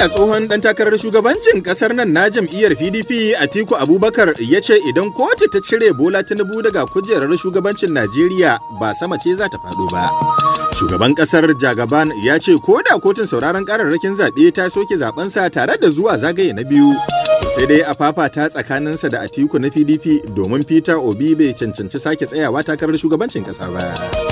ya tsohon dan takarar shugabancin kasar nan na jam'iyyar PDP Atiku Abubakar ya ce idan kotu ta cire Bola Tinubu daga kujerar shugabancin Najeriya ba sama ce za ta faɗo ba. Shugaban kasar Jagaban ya ce ko da kotun sauraron kararrakin zaɓe ta soke zaɓensa tare da zuwa zagaye na biyu. Sai dai a fafata tsakaninsa da Atiku na PDP domin Peter Obi bai cancanci sake tsayawa takarar shugabancin ƙasa ba.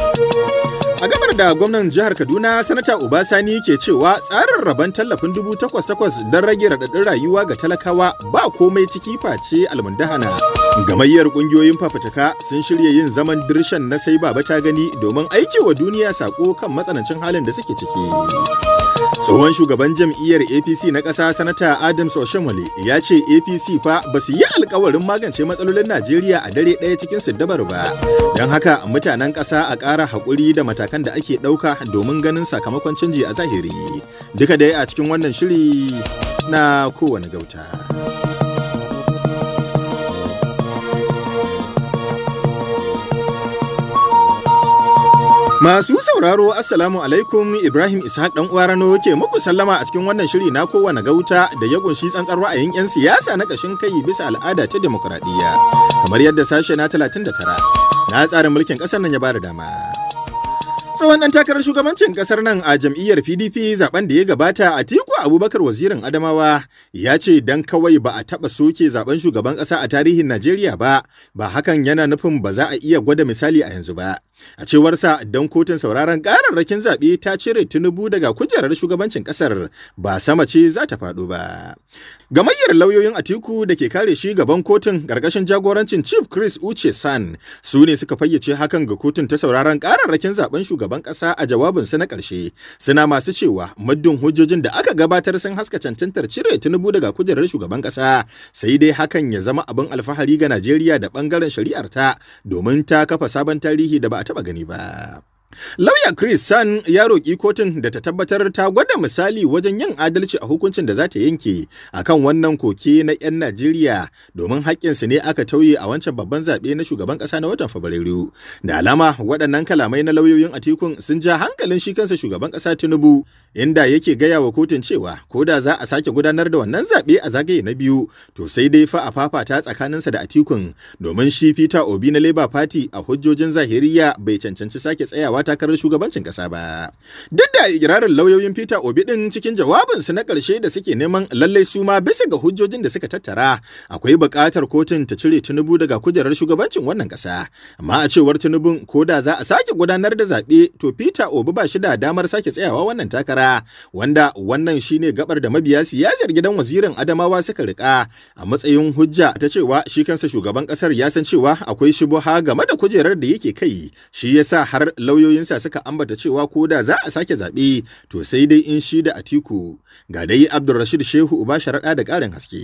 A gamar da gwamnan jihar Kaduna Sanata Obasani ke cewa tsarin rabon tallafin dubu takwas takwas don rage raɗaɗin rayuwa ga talakawa ba komai ciki face almundahana. Gamayyar ƙungiyoyin fafataka sun shirya yin zaman dirshan na sai baba ta gani domin aiki wa duniya sako kan matsanancin halin da suke ciki. Tsohon shugaban jam'iyyar APC na ƙasa Sanata Adams Oshomole ya ce APC fa ba su yi alkawarin magance matsalolin Najeriya a dare ɗaya cikin siddabar ba. Don haka mutanen ƙasa a ƙara haƙuri da matakan da ake ɗauka domin ganin sakamakon canji a zahiri. Duka dai a cikin wannan shiri na kowane gauta. Masu sauraro Assalamu alaikum Ibrahim Ishaq dan uwa Rano ke muku sallama a cikin wannan shiri na kowane gauta da ya kunshi tsantsar ra'ayin 'yan siyasa na ƙashin kai bisa al'ada ta demokuraɗiyya. Kamar yadda sashe na 39 na tsarin mulkin ƙasar nan ya bada dama. Tsawon ɗan takarar shugabancin ƙasar nan a jam'iyyar PDP zaben da ya gabata a Tiku Abubakar wazirin Adamawa ya ce dan kawai ba a taɓa soke zaben shugaban ƙasa a tarihin Najeriya ba, ba hakan yana nufin ba za a iya gwada misali a yanzu ba. A cewar sa don kotun sauraron kararrakin zaɓe ta cire tunubu daga kujerar shugabancin ƙasar ba sama ce za ta faɗo ba. Gamayyar lauyoyin Atiku da ke kare shi gaban kotun ƙarƙashin jagorancin Chief Chris Uche San su ne suka fayyace hakan ga kotun ta sauraron kararrakin zaɓen shugaban ƙasa a jawabinsu na ƙarshe. Suna masu cewa muddin hujjojin da aka gabatar sun haska cancantar cire tunubu daga kujerar shugaban ƙasa sai dai hakan ya zama abin alfahari ga Najeriya da ɓangaren shari'arta domin ta kafa sabon tarihi da ba a taba gani ba Lauya Chris San ya roƙi kotun da ta tabbatar ta gwada misali wajen yin adalci a hukuncin da za ta yanke a kan wannan koke na 'yan Najeriya domin haƙƙinsu ne aka tauye a wancan babban zaɓe na shugaban ƙasa na watan Fabrairu. Da alama waɗannan kalamai na lauyoyin Atikun sun ja hankalin shi kansa shugaban ƙasa Tinubu inda yake gaya wa kotun cewa ko da za a sake gudanar da wannan zaɓe a zagaye na biyu to sai dai fa a fafata tsakaninsa da Atikun domin shi Peter Obi na Labour Party a hujjojin zahiriya bai cancanci sake tsayawa takarar shugabancin ƙasa ba. Duk da ikirarin lauyoyin Peter Obi din cikin jawabinsu na ƙarshe da suke neman lallai su ma bisa ga hujjojin da suka tattara akwai buƙatar kotun ta cire Tinubu daga kujerar shugabancin wannan ƙasa. Amma a cewar Tinubu ko da za a sake gudanar da zaɓe to Peter Obi ba shi da damar sake tsayawa wannan takara wanda wannan shine gabar da mabiya siyasar gidan wazirin Adamawa suka rika a matsayin hujja ta cewa shi kansa shugaban ƙasar ya san cewa akwai shubuha game da kujerar da yake kai shi yasa har lauyoyin lauyoyinsa suka ambata cewa ko da za a sake zaɓe to sai dai in shi da Atiku ga dai Abdulrashid Shehu uba shari'a da ƙarin haske.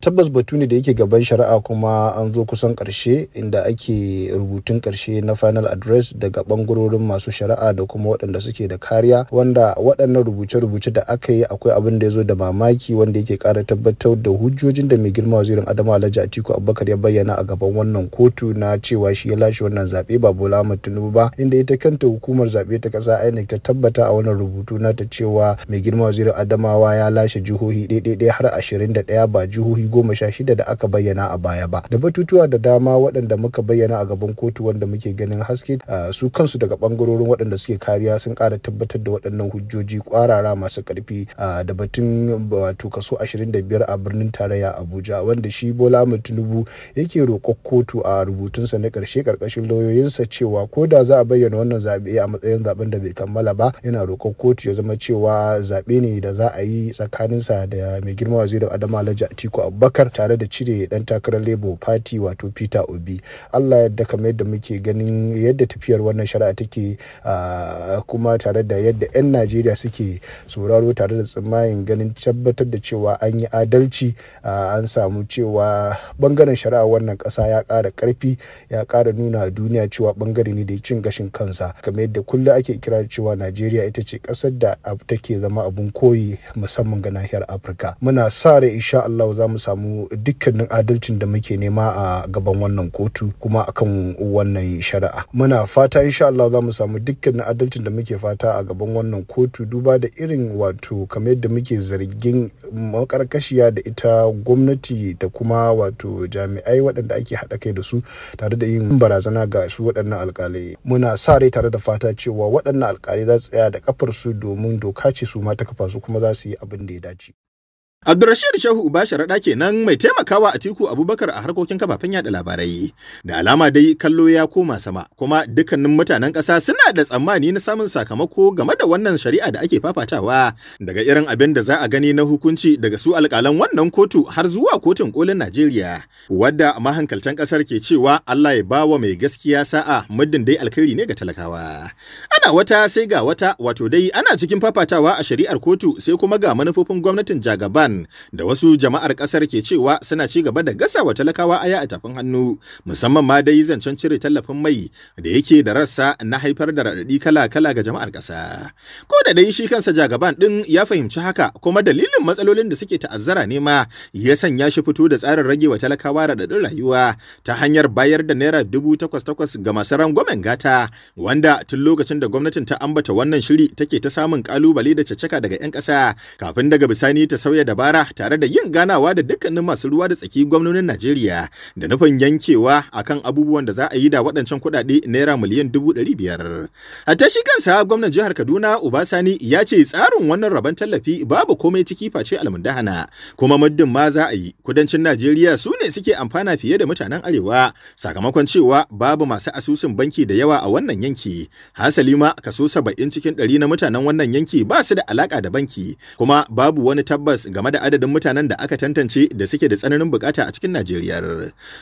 Tabbas batu ne da yake gaban shari'a kuma an zo kusan karshe inda ake rubutun karshe na final address daga ɓangarorin masu shari'a da kuma waɗanda suke da kariya wanda waɗannan rubuce-rubuce da aka yi akwai abin da ya zo da mamaki wanda yake ƙara tabbatar da hujjojin da mai girma wazirin Adamu Alhaji Atiku Abubakar ya bayyana a gaban wannan kotu na cewa shi ya lashe wannan zaɓe ba Bola Ahmed ba inda ita kanta ta hukumar zaɓe ta ƙasa INEC ta tabbata a wannan rubutu na ta cewa mai girma wazirin Adamawa ya lashe jihohi ɗaiɗaiɗai har ashirin da ɗaya ba jihohi goma sha shida da aka bayyana a baya ba. Da batutuwa da dama waɗanda muka bayyana a gaban kotu wanda muke ganin haske su kansu daga ɓangarorin waɗanda suke kariya sun ƙara tabbatar da waɗannan hujjoji ƙwarara masu ƙarfi da batun wato kaso biyar a birnin tarayya Abuja wanda shi Bola Ahmed Tinubu yake roƙon kotu a rubutunsa na ƙarshe ƙarƙashin lauyoyinsa cewa ko da za a bayyana wannan zaɓe zaɓe a matsayin zaɓen da bai kammala ba yana roƙon kotu ya zama cewa zaɓe ne da za a yi tsakaninsa da mai girma wazirin adama alhaji atiku abubakar tare da cire dan takarar labour party wato peter obi allah yadda kamar yadda muke ganin yadda tafiyar wannan shari'a take kuma tare da yadda 'yan najeriya suke sauraro tare da tsammanin ganin tabbatar da cewa an yi adalci an samu cewa bangaren shari'a wannan ƙasa ya ƙara ƙarfi ya ƙara nuna duniya cewa bangare ne da ya cin gashin kansa kamar yadda kullum ake kira cewa najeriya ita ce kasar da take zama abun koyi musamman ga nahiyar afirka muna sa rai insha allah za mu samu dukkanin adalcin da muke nema a gaban wannan kotu kuma akan wannan shari'a muna fata insha allah za mu samu dukkanin adalcin da muke fata a gaban wannan kotu duba da irin wato kamar yadda muke zargin makarkashiya da ita gwamnati da kuma wato jami'ai waɗanda ake haɗa kai da su tare da yin barazana ga su waɗannan alƙalai muna sa rai tare da fata cewa waɗannan alƙalai za su tsaya da su domin doka ce su ma ta kafa su kuma za su yi abin da ya dace. Abdurrashid Shehu Uba Sharaɗa kenan mai taimakawa a tiku Abubakar a harkokin kafafen yada labarai. Da alama dai kallo ya koma sama kuma dukkanin mutanen ƙasa suna da tsammani na samun sakamako game da wannan shari'a da ake fafatawa daga irin abin da za a gani na hukunci daga su alƙalan wannan kotu har zuwa kotun kolin Najeriya wadda mahankaltan ƙasar ke cewa Allah ya bawa mai gaskiya sa'a muddin dai alkhairi ne ga talakawa. Ana wata sai ga wata wato dai ana cikin fafatawa a shari'ar kotu sai kuma ga manufofin gwamnatin Jagaban Sudan da wasu jama'ar kasar ke cewa suna ci gaba da gasa wa talakawa aya a tafin hannu musamman ma dai zancen cire tallafin mai da yake da rassa na haifar da raɗaɗi kala-kala ga jama'ar ƙasa. Ko da dai shi kansa jagaban ɗin ya fahimci haka kuma dalilin matsalolin da suke ta'azzara ne ma ya sanya shi fito da tsarin rage wa talakawa raɗaɗin rayuwa ta hanyar bayar da naira dubu takwas takwas ga masu rangwamen gata wanda tun lokacin da gwamnatin ta ambata wannan shiri take ta samun ƙalubale da caccaka daga 'yan ƙasa kafin daga bisani ta sauya da bara tare da yin ganawa da dukkanin masu ruwa da tsaki gwamnonin Najeriya da nufin yankewa akan abubuwan da za a yi da waɗancan kuɗaɗe naira miliyan dubu ɗari biyar. A ta shi kansa gwamnan jihar Kaduna Ubasani ya ce tsarin wannan rabon tallafi babu komai ciki face almundahana kuma muddin ma za a yi kudancin Najeriya su ne suke amfana fiye da mutanen Arewa sakamakon cewa babu masu asusun banki da yawa a wannan yanki. Hasali ma kaso saba'in cikin ɗari na mutanen wannan yanki ba su da alaƙa da banki kuma babu wani tabbas game da adadin mutanen da aka tantance da suke da tsananin bukata a cikin Najeriya.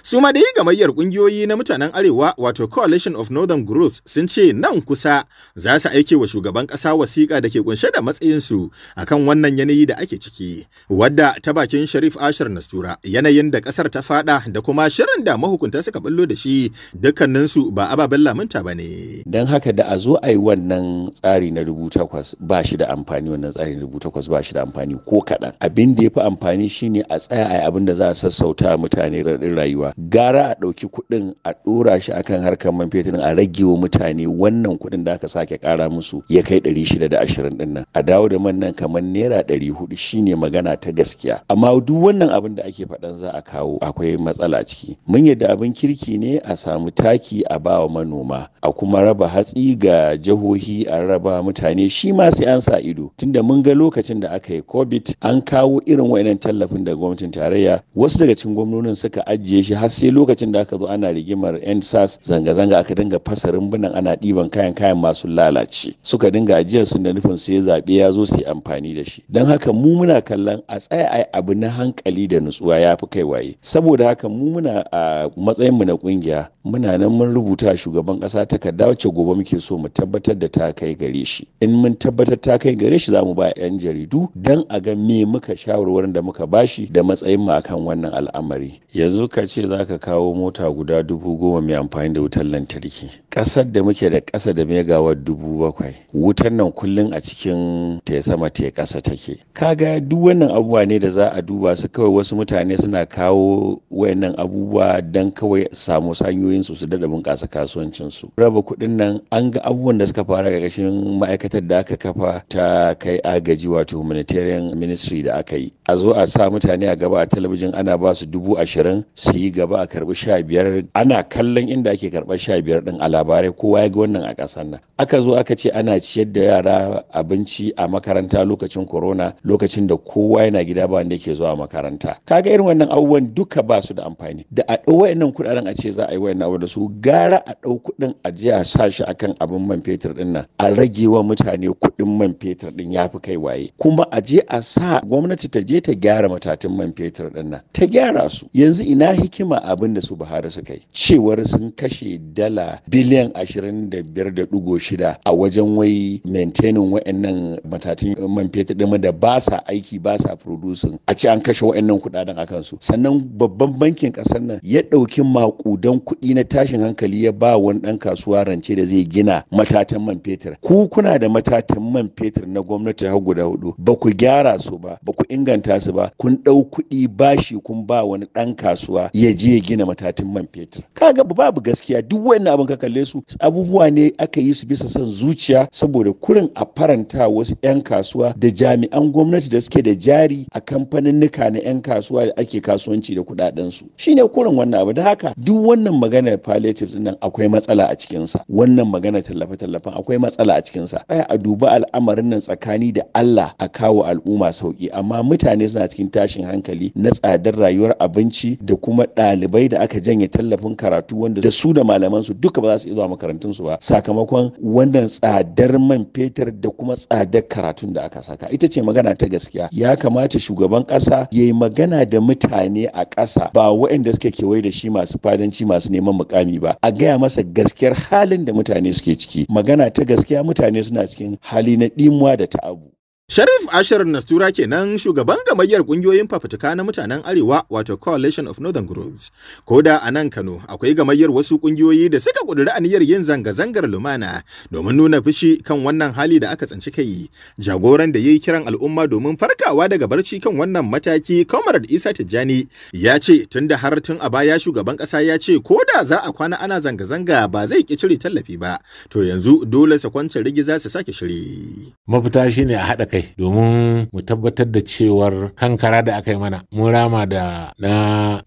Su ma dai gamayyar kungiyoyi na mutanen Arewa wato Coalition of Northern Groups sun ce nan kusa za su aike wa shugaban kasa wasiƙa da ke kunshe da matsayinsu akan wannan yanayi da ake ciki. Wadda ta bakin Sharif Ashar Nastura yanayin da kasar ta fada da kuma shirin da mahukunta suka ballo da shi dukkaninsu ba ababen lamunta ba ne. Don haka da a zo a yi wannan tsari na rubuta kwas ba shi da amfani wannan tsari na rubuta kwas ba shi da amfani ko kaɗan. Abin abin da ya fi amfani shine a tsaya a abin da za a sassauta mutane raɗin rayuwa gara a ɗauki kuɗin a ɗora shi akan harkar man fetur a ragewa mutane wannan kuɗin da aka sake ƙara musu ya kai ɗari shida da ashirin ɗin nan a dawo da man nan kamar naira ɗari hudu shine magana ta gaskiya amma duk wannan abin da ake faɗan za a kawo akwai matsala ciki mun yadda abin kirki ne a samu taki a bawa manoma a kuma raba hatsi ga jihohi a raba mutane shi ma sai an sa ido tunda mun ga lokacin da aka yi covid an kawo kawo irin wayannan tallafin daga gwamnatin tarayya wasu daga cikin gwamnonin suka ajiye shi har sai lokacin da aka zo ana rigimar yan sas zanga-zanga aka dinga fasa rumbunan ana ɗiban kayan kayan masu lalace suka dinga ajiyar su da nufin su zaɓe ya zo su yi amfani da shi don haka mu muna kallon a tsaya ai abu na hankali da nutsuwa ya fi kai waye saboda haka mu muna a matsayin mu na kungiya muna nan mun rubuta shugaban kasa takarda wacce gobe muke so mu tabbatar da ta kai gare shi in mun tabbatar ta kai gare shi za mu ba 'yan jaridu don a ga me muka duka shawarwarin da muka bashi da matsayin mu akan wannan al'amari yanzu ka ce za ka kawo mota guda dubu goma mai amfani da wutar lantarki ƙasar da muke da ƙasa da megawar dubu bakwai wutar nan kullum a cikin ta sama ta ƙasa take ka ga duk wannan abubuwa ne da za a duba su kawai wasu mutane suna kawo wayannan abubuwa don kawai samu sanyoyin su su dada bunƙasa kasuwancin su raba kuɗin nan an ga abubuwan da suka fara ƙarƙashin ma'aikatar da aka kafa ta kai agaji wato humanitarian ministry da aka yi a zo a sa mutane a gaba a talabijin ana ba su dubu ashirin su yi gaba a karbi sha biyar ana kallon inda ake karbar sha biyar din a labarai kowa ya ga wannan a ƙasar nan aka zo aka ce ana ciyar da yara abinci a makaranta lokacin corona lokacin da kowa yana gida ba wanda yake zuwa makaranta kaga irin wannan abubuwan duka ba su da amfani da a ɗau wa'annan kuɗaɗen a ce za a yi wa'annan abu da su gara a ɗau kuɗin a je a sa shi a kan abin man fetur ɗin nan a rage wa mutane kuɗin man fetur ɗin ya fi kai waye kuma a je a sa gwamnati gwamnati ta je ta gyara matatun man fetur din nan ta gyara su yanzu ina hikima abin da su Buhari suka yi cewar sun kashe dala biliyan 25.6 a wajen wai maintaining wa'annan matatun man fetur din da ba sa aiki ba sa producing a ce an kashe wa'annan kudaden akan su sannan babban bankin kasar nan ya ɗauki makudan kuɗi na tashin hankali ya ba wani ɗan kasuwa rance da zai gina matatan man fetur ku kuna da matatan man fetur na gwamnati har guda hudu ba ku gyara su ba ba ku inganta su ba kun ɗau kuɗi bashi kun ba wani ɗan kasuwa ya je ya gina matatin man fetur kaga babu gaskiya duk wannan abin ka kalle su abubuwa ne aka yi su bisa son zuciya saboda kurin a faranta wasu 'yan kasuwa da jami'an gwamnati da suke da jari a kamfaninnika na 'yan kasuwa da ake kasuwanci da kuɗaɗen su shine kurin wannan abu da haka duk wannan maganar palliative nan akwai matsala a cikinsa wannan maganar tallafe-tallafen akwai matsala a cikinsa a duba al'amarin nan tsakani da Allah a kawo al'umma sauki amma amma mutane suna cikin tashin hankali na tsadar rayuwar abinci da kuma ɗalibai da aka janye tallafin karatu wanda da su da malaman su duka ba za su iya zuwa makarantun su ba sakamakon wannan tsadar man fetur da kuma tsadar karatun da aka saka ita ce magana ta gaskiya ya kamata shugaban ƙasa ya yi magana da mutane a ƙasa ba waɗanda suke kewaye da shi masu fadanci masu neman mukami ba a gaya masa gaskiyar halin da mutane suke ciki magana ta gaskiya mutane suna cikin hali na ɗimuwa da ta'abu Sharif Ashar Nastura kenan shugaban gamayyar kungiyoyin fafutuka na mutanen Arewa wato Coalition of Northern Groups. Ko da a nan Kano akwai gamayyar wasu kungiyoyi da suka kudura aniyar yin zanga-zangar lumana domin nuna fushi kan wannan hali da aka tsinci kai. Jagoran da yayi kiran al'umma domin farkawa daga barci kan wannan mataki Comrade Isa Tijjani ya ce tunda har tun a baya shugaban kasa ya ce ko da za a kwana ana zanga-zanga ba zai ki cire tallafi ba to yanzu dole sakwancin rigiza su sake shiri. Mafita shine a haɗa kai domin mu tabbatar da cewar kankara da aka yi mana mun rama da na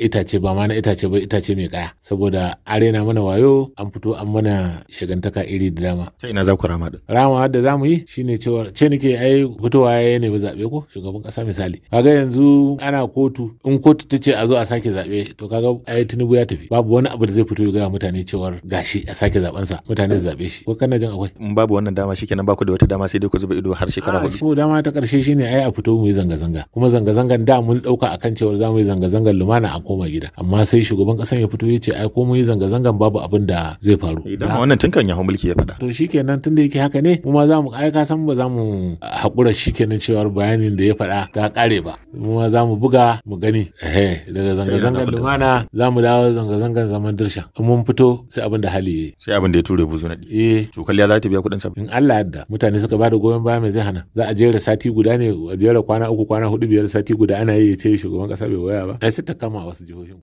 itace ba ma na itace ba itace mai kaya saboda arena mana wayo an fito an mana shagantaka iri da dama ta ina za ku rama din rama da za mu yi shine cewa ce nake ai fitowa ya ne ba zabe ko shugaban kasa misali kaga yanzu ana kotu in kotu ta ce a zo a sake zabe to kaga ai tunubu ya tafi babu wani abu da zai fito ya ga mutane cewar gashi a sake zaben sa mutane su zabe shi ko kana jin akwai in babu wannan dama shikenan ba ku da wata dama sai dai ku zuba ido har shekara hudu dama ta karshe shine ai a fito mu yi zanga-zanga kuma zanga-zangan da mun dauka akan cewar za mu yi zanga zangan lumana a koma gida amma sai shugaban kasan ya fito ya ce ai ko mu yi zanga-zangan babu abin da zai faru idan wannan tunkan yahu mulki ya faɗa to shikenan tunda yake haka ne mu ma za mu ai ka san ba za mu hakura shikenan cewar bayanin da ya faɗa ta kare ba mu ma za mu buga mu gani eh daga zanga-zangan lumana za mu dawo zanga-zangan zaman dirsha in mun fito sai abin da hali sai abin da ya ture buzu na eh to kalliya za ta biya kuɗin sa in Allah yarda mutane suka bada goyon baya mai zai hana za a je jera sati guda ne a jera kwana uku kwana hudu biyar sati guda ana yi ya ce shugaban kasa bai waya ba ai sai ta kama wasu jihohin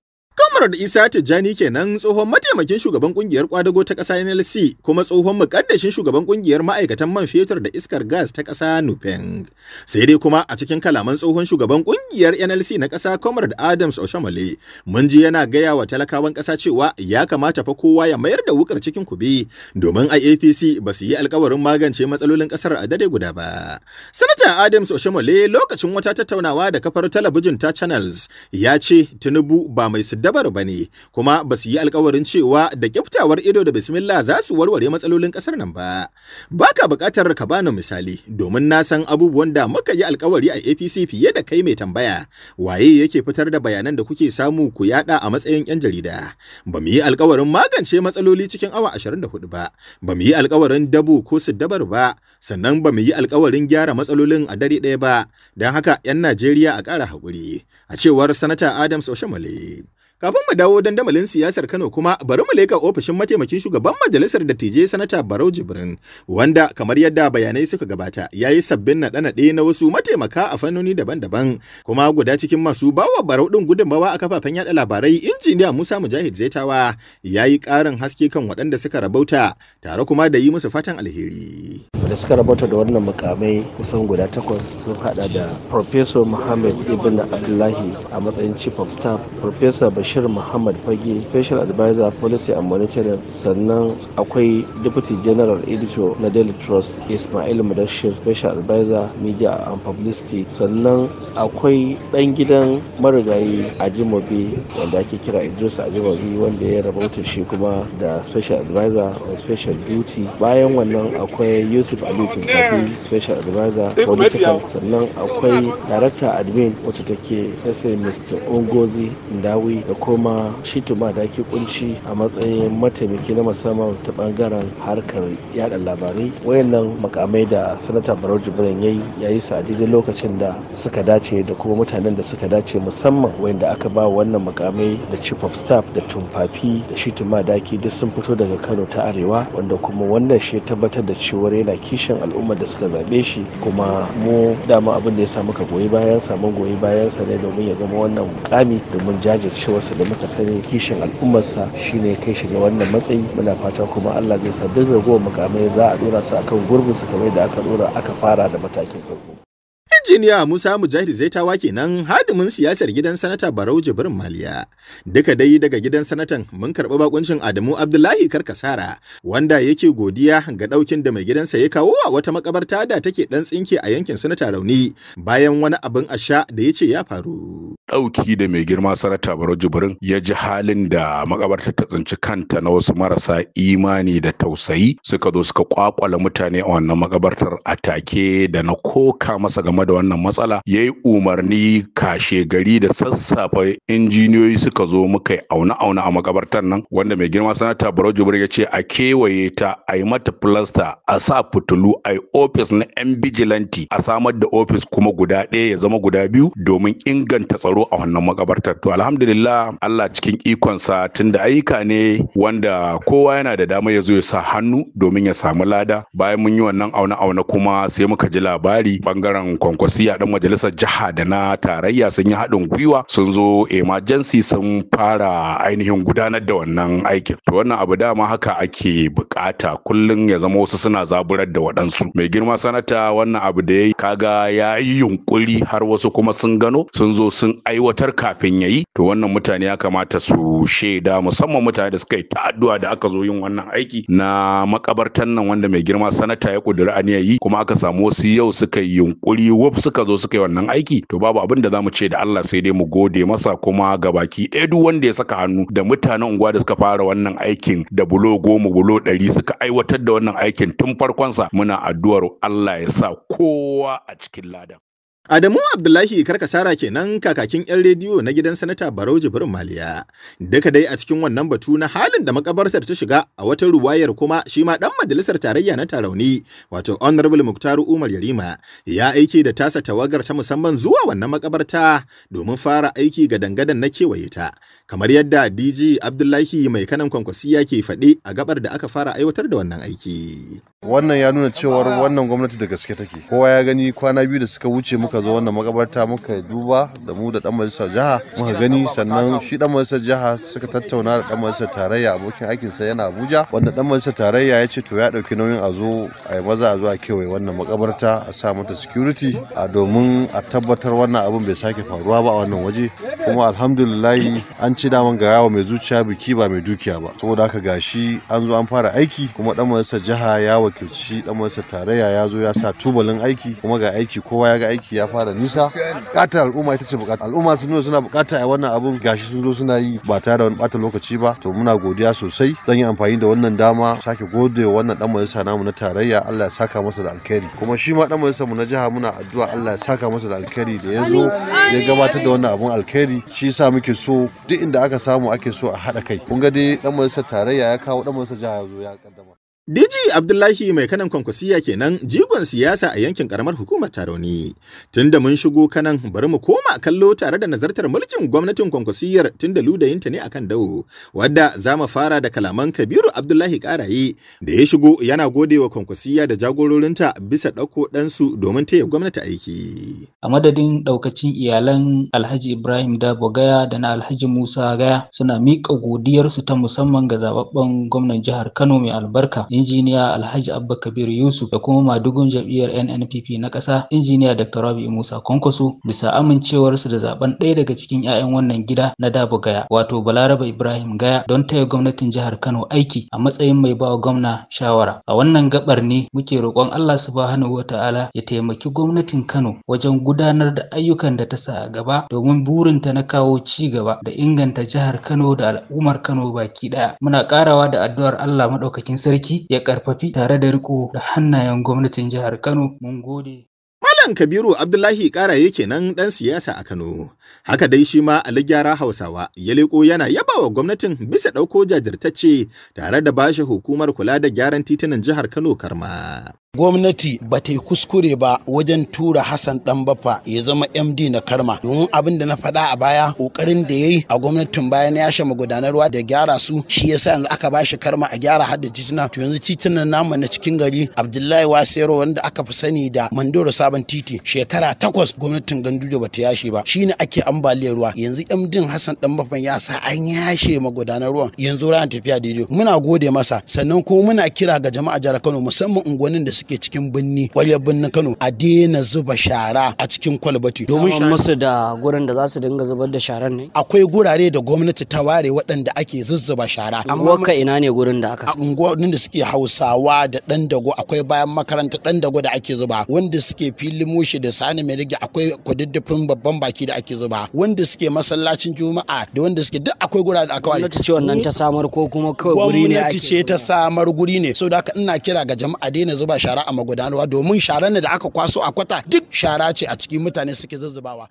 da Isa Tijjani kenan tsohon mataimakin shugaban kungiyar kwadago ta ƙasa NLC kuma tsohon mukaddashin shugaban kungiyar ma'aikatan man fetur da iskar gas ta ƙasa Nupeng. Sai dai kuma a cikin kalaman tsohon shugaban kungiyar NLC na ƙasa Comrade Adams Oshamale mun ji yana gaya wa talakawan ƙasa cewa ya kamata fa kowa ya mayar da wukar cikin kubi domin a APC ba su yi alkawarin magance matsalolin ƙasar a dare guda ba. Sanata Adams Oshamale lokacin wata tattaunawa da kafar talabijin ta Channels ya ce Tinubu ba mai ba. kasar ba ne, kuma ba su yi alkawarin cewa da kyaftawar ido da bismillah za su warware matsalolin kasar nan ba. Ba ka bukatar ka bani misali, domin na san abubuwan da muka yi alkawari a APC fiye da kai mai tambaya. Waye yake fitar da bayanan da kuke samu ku yada a matsayin 'yan jarida? Ba mu yi alkawarin magance matsaloli cikin awa 24 ba, ba mu yi alkawarin dabu ko su dabar ba, sannan ba mu yi alkawarin gyara matsalolin a dare ɗaya ba, don haka 'yan Najeriya a kara haƙuri, a cewar Sanata Adams Oshamale. Kafin mu dawo dandamalin siyasar Kano kuma bari mu leka ofishin mataimakin shugaban majalisar dattijai sanata Barau Jibrin wanda kamar yadda bayanai suka gabata ya yi sabbin naɗe-naɗe na wasu mataimaka a fannoni daban-daban kuma guda cikin masu bawa Barau ɗin gudunmawa a kafafen yaɗa labarai injiniya Musa Mujahid Zaitawa ya yi ƙarin haske kan waɗanda suka rabauta tare kuma da yi musu fatan alheri. Da suka rabauta da wannan mukamai kusan guda takwas sun haɗa da Professor Muhammad Ibn Abdullahi a matsayin Chief of Staff, Professor Bashir bashir muhammad fage special advisor policy and monitoring sannan akwai deputy general editor na daily trust ismail mudashir special advisor media and publicity sannan akwai dan gidan marigayi ajimobi wanda ake kira idris ajimobi wanda ya rabauta shi kuma da special advisor on special duty bayan wannan akwai yusuf ali kintafi special advisor political sannan akwai director admin wacce take sai mr ungozi ndawi da kuma da ake kunci a matsayin mataimaki na musamman ta bangaren harkar yada labarai wayannan makamai da sanata barau jibrin yayi yi su a daidai lokacin da suka dace da kuma mutanen da suka dace musamman wayanda aka ba wannan makamai da chief of staff da tumfafi da shi da ake duk sun fito daga kano ta arewa wanda kuma wannan shi tabbatar da cewa yana kishin al'ummar da suka zaɓe shi kuma mu dama abin da ya samu ka goyi bayan samun goyi bayan sa ne domin ya zama wannan mukami domin jajircewa al'ummarsa da muka sani kishin al'ummarsa shine kai shi ga wannan matsayi muna fata kuma Allah zai sa duk ragowar mukamai za a dora su akan gurbin su kamar da aka dora aka fara da matakin farko injiniya Musa Mujahid tawa kenan hadimin siyasar gidan sanata Barau Jibrin Maliya. Duka dai daga gidan sanatan mun karɓi bakuncin Adamu Abdullahi Karkasara wanda yake godiya ga ɗaukin da mai gidansa ya kawo a wata makabarta da take ɗan tsinke a yankin sanata Rauni bayan wani abin asha da ya ce ya faru. ɗauki da mai girma sarata baro jibrin ya ji halin da makabartar ta tsinci kanta na wasu marasa imani da tausayi suka zo suka kwakwala mutane a wannan makabartar a take da na koka masa game da wannan matsala ya yi umarni kashe gari da sassafe injiniyoyi suka zo muka yi auna-auna a makabartar nan wanda mai girma sanata baro jibrin ya ce a kewaye ta a yi mata filasta a sa fitilu a yi ofis na yan bijilanti a samar da ofis kuma guda ɗaya ya zama guda biyu domin inganta tsaro a wannan makabartar to alhamdulillah Allah cikin ikonsa tunda ayyuka ne wanda kowa yana da dama ya zo ya sa hannu domin ya samu lada bayan mun yi wannan auna auna kuma sai muka ji labari bangaren kwankwasi a dan majalisar jiha da na tarayya sun yi haɗin gwiwa sun zo emergency sun fara ainihin gudanar da wannan aikin to wannan abu dama haka ake bukata kullum ya zama wasu suna zaburar da waɗansu mai girma sanata wannan abu da ya yi kaga ya yi yunkuri har wasu kuma sun gano sun zo sun aiwatar kafin ya yi? to wannan mutane ya kamata su shaida musamman mutane da suka yi ta'addu'a da aka zo yin wannan aiki na makabartan nan wanda mai girma sanata ya kudura aniyar yi kuma aka samu wasu yau suka yi yunkuri wuf suka zo suka yi wannan aiki to babu abin da zamu ce da Allah sai dai mu gode masa kuma ga baki ɗaya duk wanda ya saka hannu da mutanen unguwa da suka fara wannan aikin da bulo goma bulo ɗari suka aiwatar da wannan aikin tun farkonsa muna addu'ar Allah ya sa kowa a cikin ladan. Adamu Abdullahi Karkasara kenan kakakin 'yan rediyo na gidan Sanata Barau Jibrin Maliya. Duka dai a cikin wannan batu na halin da makabartar ta shiga a wata ruwayar kuma shi ma ɗan majalisar tarayya na Tarauni wato Honorable Muktaru Umar Yarima ya aiki da tasa tawagar ta musamman zuwa wannan makabarta domin fara aiki ga dangadan na kewaye ta. Kamar yadda DG Abdullahi mai kanan ya ke faɗi a gabar da aka fara aiwatar da wannan aiki. Wannan ya nuna cewar wannan gwamnati da gaske take. Kowa ya gani kwana biyu da suka wuce muku muka zo wannan makabarta muka duba da mu da dan majalisar jiha muka gani sannan shi dan majalisar jiha suka tattauna da dan majalisar tarayya abokin aikin sa yana Abuja wanda dan majalisar tarayya ya ce to ya dauki nauyin a zo a maza a zo a kewaye wannan makabarta a sa mata security a domin a tabbatar wannan abun bai sake faruwa ba a wannan waje kuma alhamdulillahi an ci daman ga yawo mai zuciya biki ba mai dukiya ba saboda haka gashi an zo an fara aiki kuma dan majalisar jiha ya wakilci dan majalisar tarayya ya zo ya sa tubalin aiki kuma ga aiki kowa ya ga aiki ya ya fara nisa bukatar al'umma ita ce bukatar al'umma sun nuna suna bukata a wannan abun gashi sun zo suna yi ba tare da wani bata lokaci ba to muna godiya sosai zan yi amfani da wannan dama sake gode wannan dan majalisa namu na tarayya Allah ya saka masa da alkhairi kuma shi ma dan majalisa mu na jiha muna addu'a Allah ya saka masa da alkhairi da ya zo ya gabatar da wannan abun alkhairi shi yasa muke so duk inda aka samu ake so a haɗa kai kun ga dai dan majalisa tarayya ya kawo dan majalisa jiha ya zo ya kaddama DG Abdullahi mai kanan kwankwasiya kenan jigon siyasa a yankin karamar hukumar tun da mun shigo kanan bari mu koma kallo tare da nazartar mulkin gwamnatin kwankwasiyar tun da ludayinta ne akan dawo. Wadda za mu fara da kalaman Kabiru Abdullahi Karaye da ya shigo yana gode wa kwankwasiya da jagororinta bisa ɗauko ɗansu domin taya gwamnati aiki. A madadin ɗaukacin iyalan Alhaji Ibrahim Dabo Gaya da na Alhaji Musa Gaya suna miƙa godiyarsu ta musamman ga zababben gwamnan jihar Kano mai albarka Injiniya Alhaji Abba Kabir Yusuf da kuma madugun jam'iyyar NNPP na ƙasa Injiniya Dr. Rabi Musa Kwankwaso bisa amincewarsu da zaben ɗaya daga cikin 'ya'yan wannan gida na Dabo Gaya wato Balaraba Ibrahim Gaya don taya gwamnatin jihar Kano aiki a matsayin mai bawa gwamna shawara. A wannan gabar ne muke roƙon Allah subhanahu Ta'ala ya taimaki gwamnatin Kano wajen gudanar da ayyukan da ta sa a gaba domin burinta na kawo ci gaba da inganta jihar Kano da al'ummar Kano baki ɗaya. Muna ƙarawa da addu'ar Allah maɗaukakin sarki ya karfafi tare da riko da hannayen gwamnatin jihar Kano. Mun gode. Malam Kabiru Abdullahi yake nan ɗan siyasa a Kano. Haka dai shi ma Ali Gyara Hausawa ya leko yana yabawa gwamnatin bisa ɗauko jajirtacce tare da bashi hukumar kula da gyaran titunan jihar Kano Karma. gwamnati ba ta yi kuskure ba wajen tura hassan dan bafa ya zama md na karma domin abin da na faɗa a baya ƙoƙarin da ya yi a gwamnatin baya na yashe magudanarwa da gyara su shi yasa yanzu aka ba shi karma a gyara hada titina to yanzu titunan namu na cikin gari abdullahi wasero wanda aka fi sani da mandoro sabon titi shekara takwas gwamnatin ganduja ba ta yashe ba shine ake ambaliyar ruwa yanzu md hassan dan bafan ya sa an yashe magudanar ruwan yanzu ran tafiya daidai muna gode masa sannan kuma muna kira ga jama'a jihar kano musamman unguwannin da suke cikin birni kwalya birnin Kano a daina zuba shara a cikin kwalbati domin shi musu da gurin da za su dinga zubar da sharan ne akwai gurare da gwamnati ta ware waɗanda ake zuzzuba shara amma ka ina ne gurin da aka unguwannin da suke Hausawa da dan dago akwai bayan makaranta dan dago da ake zuba wanda suke filin mushi da sani mai rige akwai kududdufin babban baki da ake zuba wanda suke masallacin juma'a da wanda suke duk akwai gurare da aka ware gwamnati ce wannan ta samar ko kuma kawai guri ne ake gwamnati ce ta samar guri ne saboda haka ina kira ga jama'a daina zuba shara shara a magudanarwa domin sharar da aka kwaso a kwata duk shara ce a cikin mutane suke zuzzubawa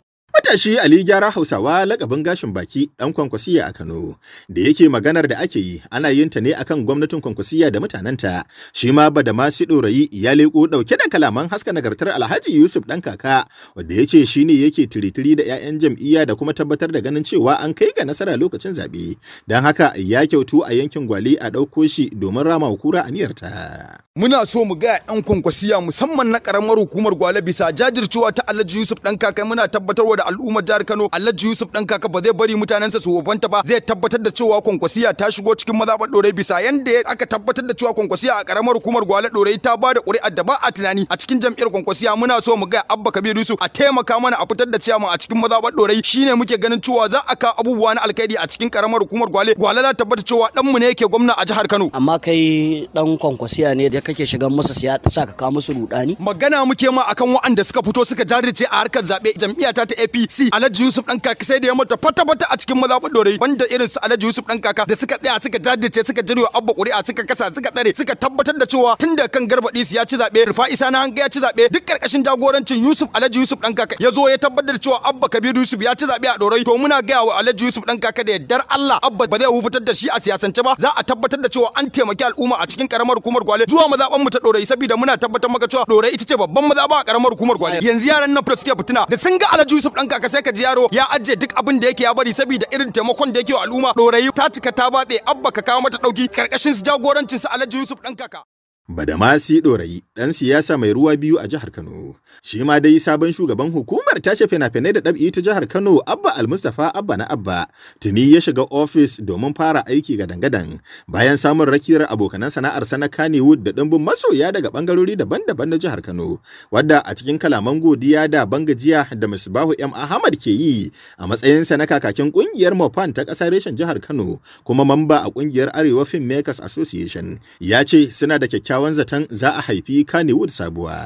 shi Ali Gyara Hausawa lakabin gashin baki ɗan kwankwasiya a Kano da yake maganar da ake yi ana yin ta ne akan gwamnatin kwankwasiya da mutanenta shi ma ba masu ɗorayi ya leko ɗauke da kalaman haska nagartar Alhaji Yusuf ɗan kaka wanda ya ce shi ne yake tiritiri da 'ya'yan jam'iyya da kuma tabbatar da ganin cewa an kai ga nasara lokacin zaɓe don haka ya kyautu a yankin gwali a ɗauko shi domin rama kura aniyarta. Muna so mu ga 'yan kwankwasiya musamman na ƙaramar hukumar Gwale bisa jajircewa ta Alhaji Yusuf ɗan kaka muna tabbatarwa da al'ummar jihar Kano Alhaji Yusuf dan kaka ba zai bari mutanensa su wofanta ba zai tabbatar da cewa kwankwasiya ta shigo cikin mazaɓar ɗore bisa yanda aka tabbatar da cewa kwankwasiya a karamar hukumar gwale ɗore ta ba da ƙuri'ar da ba a tunani a cikin jam'iyyar kwankwasiya muna so mu ga Abba Kabir Yusuf a taimaka mana a fitar da ciyaman a cikin mazaɓar ɗore shine muke ganin cewa za a kawo abubuwa na alkhairi a cikin karamar hukumar gwale gwale za ta tabbata cewa dan mu ne yake gwamna a jihar Kano amma kai dan kwankwasiya ne da kake shigan musu siyasa saka ka musu rudani magana muke ma akan waɗanda suka fito suka jajirce a harkar zabe jam'iyyata ta AP si Alhaji Yusuf dan kaka sai da ya mutu fata fata a cikin mazabu dorai wanda irin su Alhaji Yusuf dan kaka da suka tsaya suka jaddace suka jiryo abba kuri'a suka kasa suka tsare suka tabbatar da cewa tun da kan garba su ya ci rufa Rufa'i Sani Hanga ya ci zabe duk karkashin jagorancin Yusuf Alhaji Yusuf dan kaka ya zo ya tabbatar da cewa Abba Kabiru Yusuf ya ci zabe a dorai to muna ga wa Alhaji Yusuf dan kaka da yaddar Allah Abba ba zai hubutar da shi a siyasance ba za a tabbatar da cewa an taimaki al'umma a cikin karamar hukumar Gwale zuwa mazaɓan mu ta dorai saboda muna tabbatar maka cewa dorai ita ce babban mazaba a karamar hukumar Gwale yanzu yaran nan suke fitina da sun ga Alhaji Yusuf dan kaka haka sai ka ji yaro ya ajiye duk abin da yake ya bari saboda irin taimakon da yake wa al'umma dorayi ta cika ta batse abba ka kawo mata dauki karkashin jagorancin su Alhaji Yusuf dan kaka Badamasi Ɗorayi, ɗan siyasa mai ruwa biyu a jihar Kano, shi ma dai sabon shugaban hukumar tashe fina-finai da ɗab'i ta jihar Kano Abba Almustafa Abba na Abba, tuni ya shiga ofis domin fara aiki ga dangadan bayan samun rakiyar abokanan sana'ar sana Kannywood da ɗumbin masoya daga bangarori daban-daban na jihar Kano, wadda a cikin kalaman godiya da bangajiya da Misbahu M. Ahmad ke yi a matsayinsa na kakakin ƙungiyar Mofan ta ƙasar reshen jihar Kano kuma mamba a ƙungiyar Arewa Film Makers Association, ya ce suna da kyakkyawan kyakkyawan zaton za a haifi Kannywood sabuwa.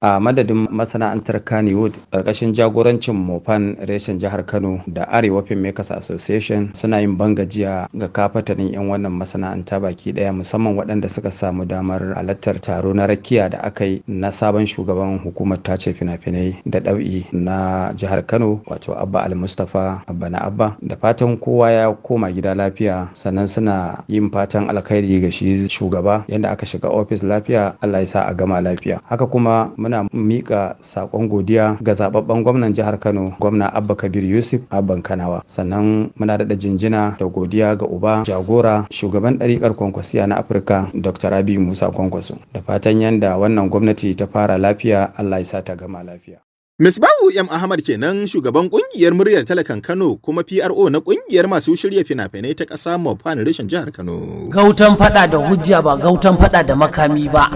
A madadin masana'antar Kannywood ƙarƙashin jagorancin Mofan reshen jihar Kano da Arewa Filmmakers Association suna yin bangajiya ga kafatanin 'yan wannan masana'anta baki ɗaya musamman waɗanda suka samu damar halartar taro na rakiya da aka yi na sabon shugaban hukumar tace fina-finai da ɗau'i na jihar Kano wato Abba Al-Mustapha Abba na Abba da fatan kowa ya koma gida lafiya sannan suna yin fatan alkhairi ga shi shugaba yadda aka shiga ofis ofis lafiya Allah ya sa a gama lafiya haka kuma muna mika sakon godiya ga zaɓaɓɓen gwamnan jihar Kano gwamna Abba Kabir Yusuf Abban Kanawa sannan muna da jinjina da godiya ga uba jagora shugaban ɗariƙar kwankwasiya na Afirka Dr. Rabi Musa Kwankwaso da fatan yanda wannan gwamnati ta fara lafiya Allah ya sa ta gama lafiya Misbahu M. Ahmad kenan shugaban kungiyar muryar talakan Kano kuma PRO na kungiyar masu shirya fina-finai ta ƙasa Mofan Rishon, jihar Kano. Gautan fada da hujja ba gautan fada da makami ba.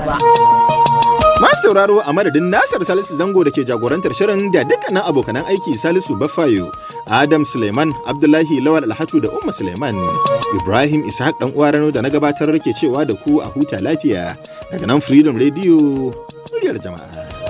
Masu sauraro a madadin Nasir Salisu Zango da ke jagorantar shirin da dukkanin abokanan aiki Salisu Bafayo, Adam Suleiman, Abdullahi Lawal Alhatu da Umma Suleiman, Ibrahim Ishaq dan uwa da na gabatar ke cewa da ku a huta lafiya daga nan Freedom Radio muryar jama'a.